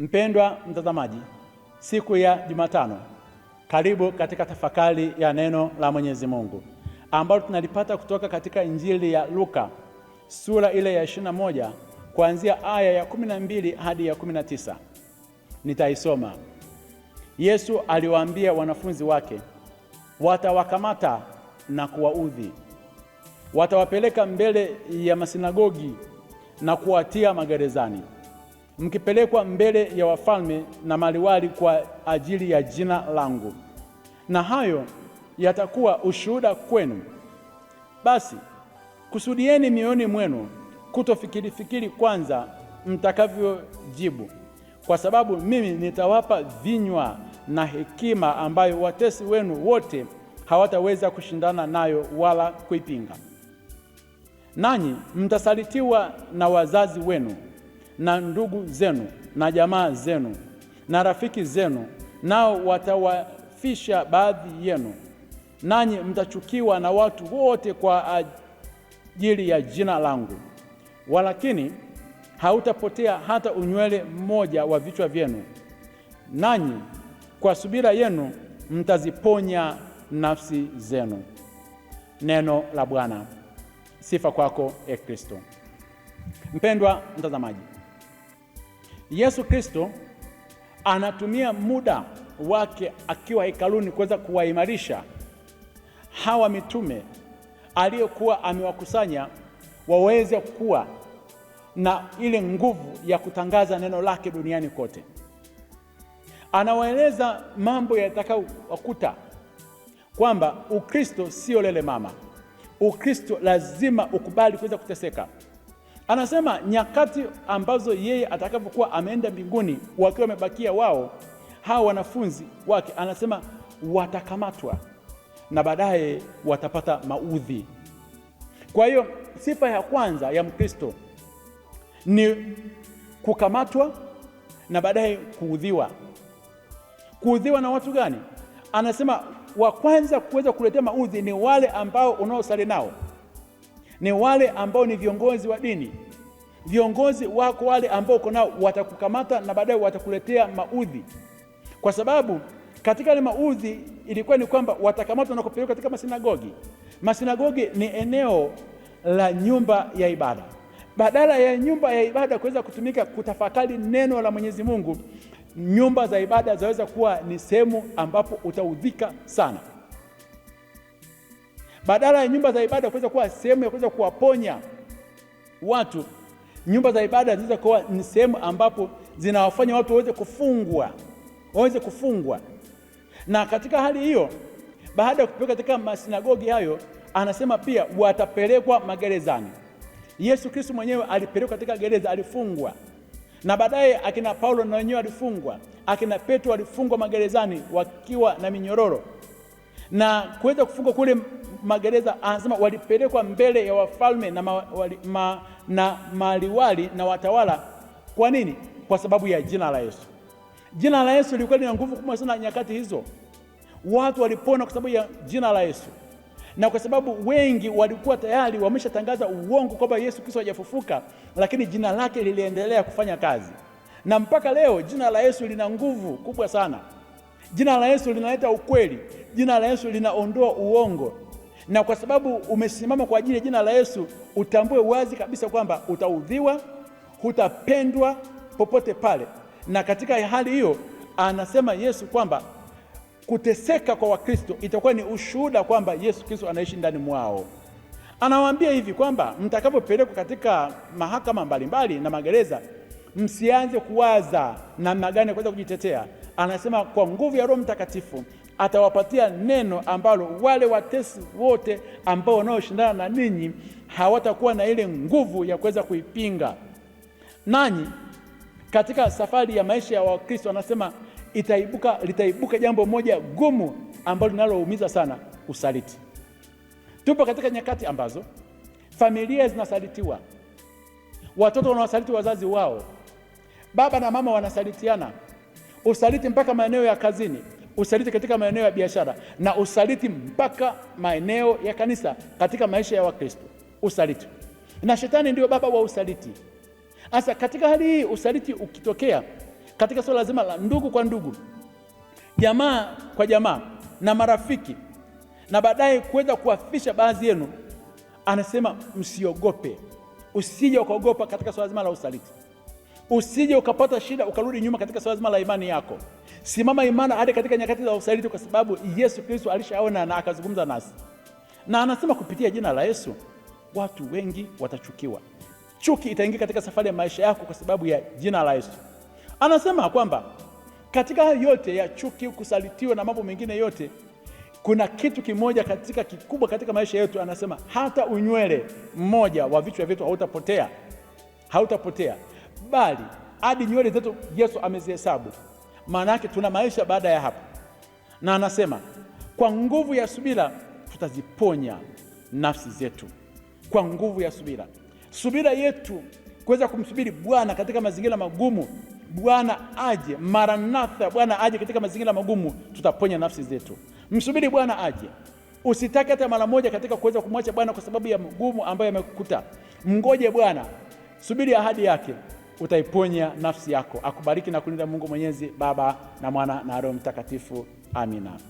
Mpendwa mtazamaji, siku ya Jumatano, karibu katika tafakari ya neno la Mwenyezi Mungu ambalo tunalipata kutoka katika Injili ya Luka sura ile ya moja kuanzia aya ya mbili hadi ya tisa Nitaisoma. Yesu aliwaambia wanafunzi wake, watawakamata na kuwaudhi, watawapeleka mbele ya masinagogi na kuwatia magerezani mkipelekwa mbele ya wafalme na maliwali kwa ajili ya jina langu, na hayo yatakuwa ushuhuda kwenu. Basi kusudieni mioyoni mwenu fikiri kwanza mtakavyojibu, kwa sababu mimi nitawapa vinywa na hekima ambayo watesi wenu wote hawataweza kushindana nayo wala kuipinga. Nanyi mtasalitiwa na wazazi wenu na ndugu zenu na jamaa zenu na rafiki zenu, nao watawafisha baadhi yenu, nanyi mtachukiwa na watu wote kwa ajili ya jina langu, walakini hautapotea hata unywele mmoja wa vichwa vyenu, nanyi kwa subira yenu mtaziponya nafsi zenu. Neno la Bwana. Sifa kwako, E Kristo. Mpendwa mtazamaji Yesu Kristo anatumia muda wake akiwa hekaluni kuweza kuwaimarisha hawa mitume aliyokuwa amewakusanya waweze kuwa na ile nguvu ya kutangaza neno lake duniani kote. Anawaeleza mambo yatakayowakuta kwamba Ukristo sio lele mama. Ukristo lazima ukubali kuweza kuteseka. Anasema nyakati ambazo yeye atakapokuwa ameenda mbinguni, wakiwa wamebakia wao hawa wanafunzi wake, anasema watakamatwa na baadaye watapata maudhi. Kwa hiyo sifa ya kwanza ya Mkristo ni kukamatwa na baadaye kuudhiwa. Kuudhiwa na watu gani? Anasema wa kwanza kuweza kuletea maudhi ni wale ambao unaosali nao ni wale ambao ni viongozi wa dini. Viongozi wako wale ambao uko nao watakukamata na baadaye watakuletea maudhi, kwa sababu katika ile maudhi ilikuwa ni kwamba watakamatwa na kupelekwa katika masinagogi. Masinagogi ni eneo la nyumba ya ibada. Badala ya nyumba ya ibada kuweza kutumika kutafakari neno la Mwenyezi Mungu, nyumba za ibada zaweza kuwa ni sehemu ambapo utaudhika sana. Badala ya nyumba za ibada kuweza kuwa sehemu ya kuweza kuwaponya watu, nyumba za ibada zinaweza kuwa ni sehemu ambapo zinawafanya watu waweze kufungwa, waweze kufungwa. Na katika hali hiyo, baada ya kupelekwa katika masinagogi hayo, anasema pia watapelekwa magerezani. Yesu Kristo mwenyewe alipelekwa katika gereza, alifungwa na baadaye akina Paulo na wenyewe walifungwa, akina Petro walifungwa magerezani wakiwa na minyororo na kuweza kufungwa kule magereza. Anasema walipelekwa mbele ya wafalme na maliwali ma, na, maliwali na watawala. Kwa nini? Kwa sababu ya jina la Yesu. Jina la Yesu lilikuwa lina nguvu kubwa sana nyakati hizo. Watu walipona kwa sababu ya jina la Yesu, na kwa sababu wengi walikuwa tayari wameshatangaza uongo kwamba Yesu Kristo hajafufuka, lakini jina lake liliendelea kufanya kazi, na mpaka leo jina la Yesu lina nguvu kubwa sana. Jina la Yesu linaleta ukweli, Jina la Yesu linaondoa uongo, na kwa sababu umesimama kwa ajili ya jina la Yesu, utambue wazi kabisa kwamba utaudhiwa, hutapendwa popote pale. Na katika hali hiyo, anasema Yesu kwamba kuteseka kwa Wakristo itakuwa ni ushuhuda kwamba Yesu Kristo anaishi ndani mwao. Anawaambia hivi kwamba mtakapopelekwa katika mahakama mbalimbali na magereza, msianze kuwaza namna gani ya kuweza kujitetea. Anasema kwa nguvu ya Roho Mtakatifu atawapatia neno ambalo wale watesi wote ambao wanaoshindana na ninyi hawatakuwa na ile nguvu ya kuweza kuipinga. Nanyi katika safari ya maisha ya Wakristo anasema itaibuka, litaibuka jambo moja gumu ambalo linaloumiza sana, usaliti. Tupo katika nyakati ambazo familia zinasalitiwa, watoto wanawasaliti wazazi wao, baba na mama wanasalitiana, usaliti mpaka maeneo ya kazini usaliti katika maeneo ya biashara na usaliti mpaka maeneo ya kanisa katika maisha ya Wakristo. Usaliti na shetani ndio baba wa usaliti. Sasa katika hali hii usaliti ukitokea katika swala zima la ndugu kwa ndugu, jamaa kwa jamaa na marafiki, na baadaye kuweza kuwafisha baadhi yenu, anasema msiogope, usije ukaogopa katika swala zima la usaliti. Usije ukapata shida ukarudi nyuma katika swala zima la imani yako. Simama imara hadi katika nyakati za usaliti, kwa sababu Yesu Kristo alishaona na akazungumza nasi, na anasema kupitia jina la Yesu watu wengi watachukiwa. Chuki itaingia katika safari ya maisha yako kwa sababu ya jina la Yesu. Anasema kwamba katika hayo yote ya chuki, kusalitiwa na mambo mengine yote, kuna kitu kimoja katika kikubwa katika maisha yetu. Anasema hata unywele mmoja wa vichwa vyetu hautapotea, hautapotea bali hadi nywele zetu Yesu amezihesabu. Maana yake tuna maisha baada ya hapo, na anasema kwa nguvu ya subira tutaziponya nafsi zetu, kwa nguvu ya subira. Subira yetu kuweza kumsubiri Bwana katika mazingira magumu, Bwana aje, maranatha, Bwana aje katika mazingira magumu, tutaponya nafsi zetu. Msubiri Bwana aje. Usitake hata mara moja katika kuweza kumwacha Bwana kwa sababu ya magumu ambayo yamekukuta. Mngoje Bwana, subiri ahadi yake utaiponya nafsi yako. Akubariki na kulinda Mungu Mwenyezi, Baba na Mwana na Roho Mtakatifu. Amina.